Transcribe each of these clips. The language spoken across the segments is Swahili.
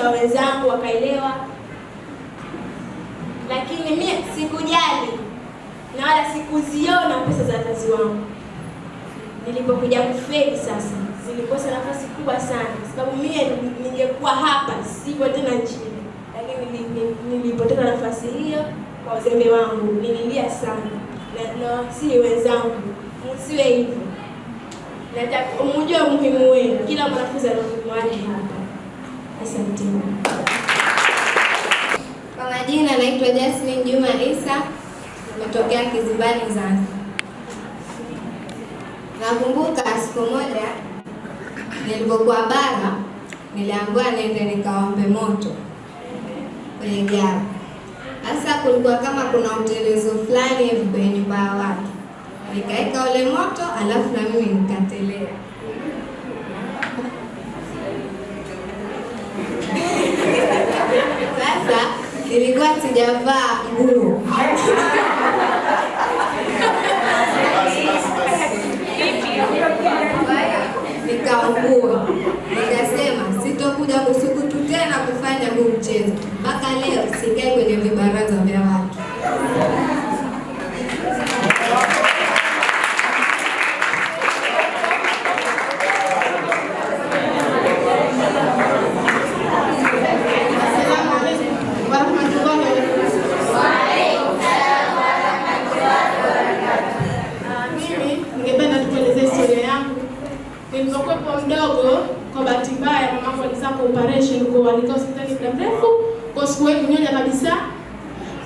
cha wenzangu wakaelewa, lakini mimi sikujali na wala sikuziona pesa za wazazi wangu. Nilipokuja kufeli sasa, zilikosa nafasi kubwa sana, sababu mimi ningekuwa hapa, sipo tena nchini, lakini nilipoteza nafasi hiyo kwa uzembe wangu. Nililia sana na nawasihi wenzangu, msiwe hivyo. Nataka mjue umuhimu wenu, kila mwanafunzi ana umuhimu wake hapa. Asanteni. Kwa majina naitwa Jasmine Juma Isa, nimetokea Kizibani, Zanzibar. Nakumbuka siku moja nilipokuwa bara, niliambiwa nende nikaombe moto kwenye gari. Sasa kulikuwa kama kuna utelezo fulani hivi kwenye nyumba ya watu, nikaweka ule moto, alafu na mimi nikatelea Sasa nilikuwa sijavaa nguo nikaugua, nikasema sitokuja kusukutu tena kufanya huu mchezo. Mpaka leo singai kwenye vibaraza vya Chingoa, nika hospitali muda mrefu, kwa sikuwahi kunyonya kabisa.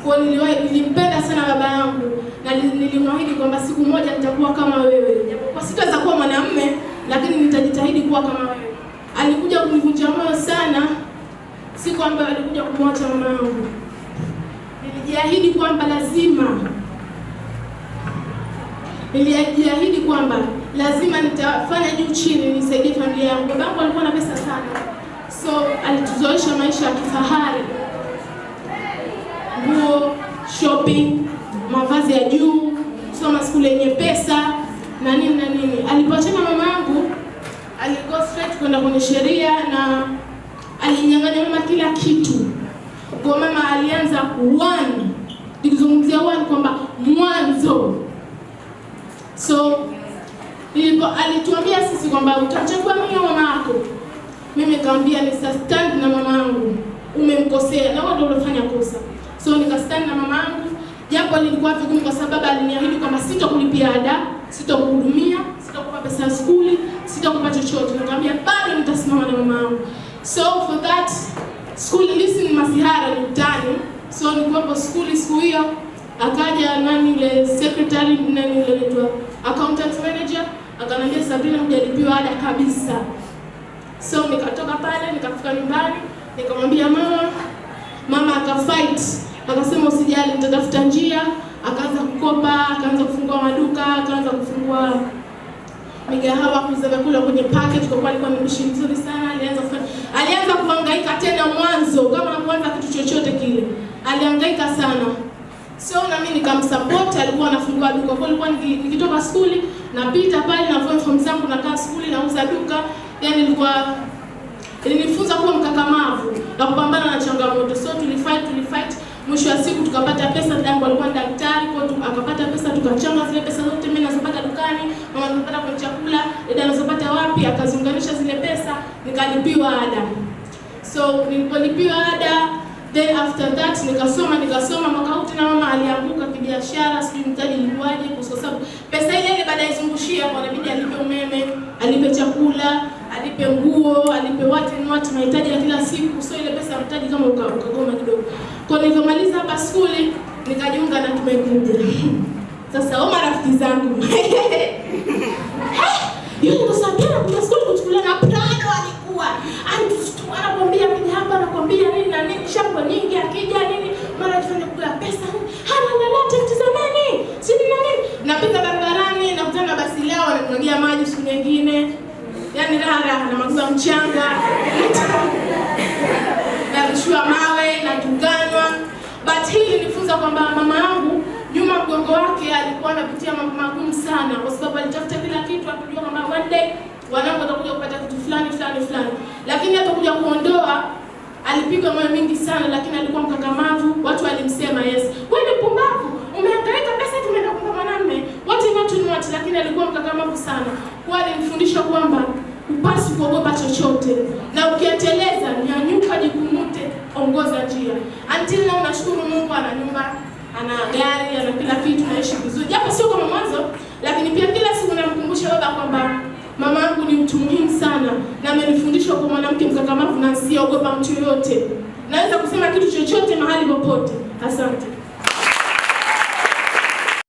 Kwa niliwahi nilimpenda sana baba yangu na nilimwahidi kwamba siku moja nitakuwa kama wewe, japokuwa sitaweza kuwa mwanamume, lakini nitajitahidi kuwa kama wewe. Alikuja kunivunja moyo sana siku ambayo alikuja kumwacha mama yangu. Nilijiahidi kwamba lazima nilijiahidi kwamba lazima nitafanya juu chini nisaidie familia yangu. Babangu alikuwa na pesa sana So alituzoesha maisha ya kifahari, nguo, shopping, mavazi ya juu, kusoma skuli yenye pesa na nini na nini. Alipoachana mama yangu, aligo straight kwenda kwenye sheria na alinyang'anya mama kila kitu. Kwa mama alianza one, nikizungumzia one kwamba mwanzo. So ilipo alituambia sisi kwamba utachagua mimi mama yako mimi nikamwambia ni stand na mama yangu, umemkosea na wewe ndio ulifanya kosa. So nika stand na mama yangu, japo lilikuwa vigumu kwa sababu aliniahidi kwamba sitokulipia ada, sitokuhudumia, sitokupa pesa ya skuli, sitokupa chochote. Nikamwambia bali nitasimama na mama yangu. So for that school listen masihara ni mtani. So nikuomba school siku hiyo akaja nani ile secretary nani ile anaitwa accountant manager akanambia, Sabrina hujalipiwa ada kabisa. So nikatoka pale nikafika nyumbani nikamwambia mama, mama akafight, akasema usijali, nitatafuta njia. Akaanza kukopa, akaanza kufungua maduka, akaanza kufungua migahawa kuuza vyakula kwenye package. Kwa kuwa alikuwa mpishi mzuri sana, alianza kufanya, alianza kuhangaika tena mwanzo, kama anapoanza kitu chochote kile, alihangaika sana. So na mimi nikamsupport, alikuwa anafungua duka kwa, alikuwa nikitoka skuli napita pale na form zangu kwa ilinifunza kuwa mkakamavu na kupambana na changamoto. So tulifight tulifight, mwisho wa siku tukapata pesa. Dadangu alikuwa daktari, kwa tu akapata pesa, tukachanga zile pesa zote, mimi nazipata dukani, mama anapata kwa chakula, ndio anazopata wapi, akaziunganisha zile pesa, nikalipiwa ada. So nilipolipiwa ada, then after that nikasoma nikasoma. Mwaka huu tena mama alianguka kibiashara, sijui mtaji ilikuwaje, kwa sababu pesa ile ile baadaye zungushia kwa inabidi alipe umeme, alipe chakula alipe nguo, alipe watu ni watu mahitaji ya kila siku, sio ile pesa mtaji kama ukagoma kidogo. Kwa nilivyomaliza hapa shule nikajiunga na Tumekuja. Sasa wao marafiki zangu tunagusa mchanga tushua mawe tunganwa but hii nilifunza kwamba mama yangu nyuma mgongo wake alikuwa anapitia mambo magumu sana, kwa sababu alitafuta kila kitu akijua kwamba one day wanangu watakuja kupata kitu fulani fulani fulani, lakini atakuja kuondoa alipigwa moyo mingi sana, lakini alikuwa mkakamavu. Watu walimsema yes, we ajira. Until now nashukuru Mungu ana nyumba, ana gari, ana kila kitu, naishi vizuri. Japo sio kama mwanzo, lakini pia kila siku namkumbusha baba kwamba mama yangu ni mtu muhimu sana na amenifundisha kwa mwanamke mkakamavu na siogopa mtu yoyote. Naweza kusema kitu chochote mahali popote. Asante.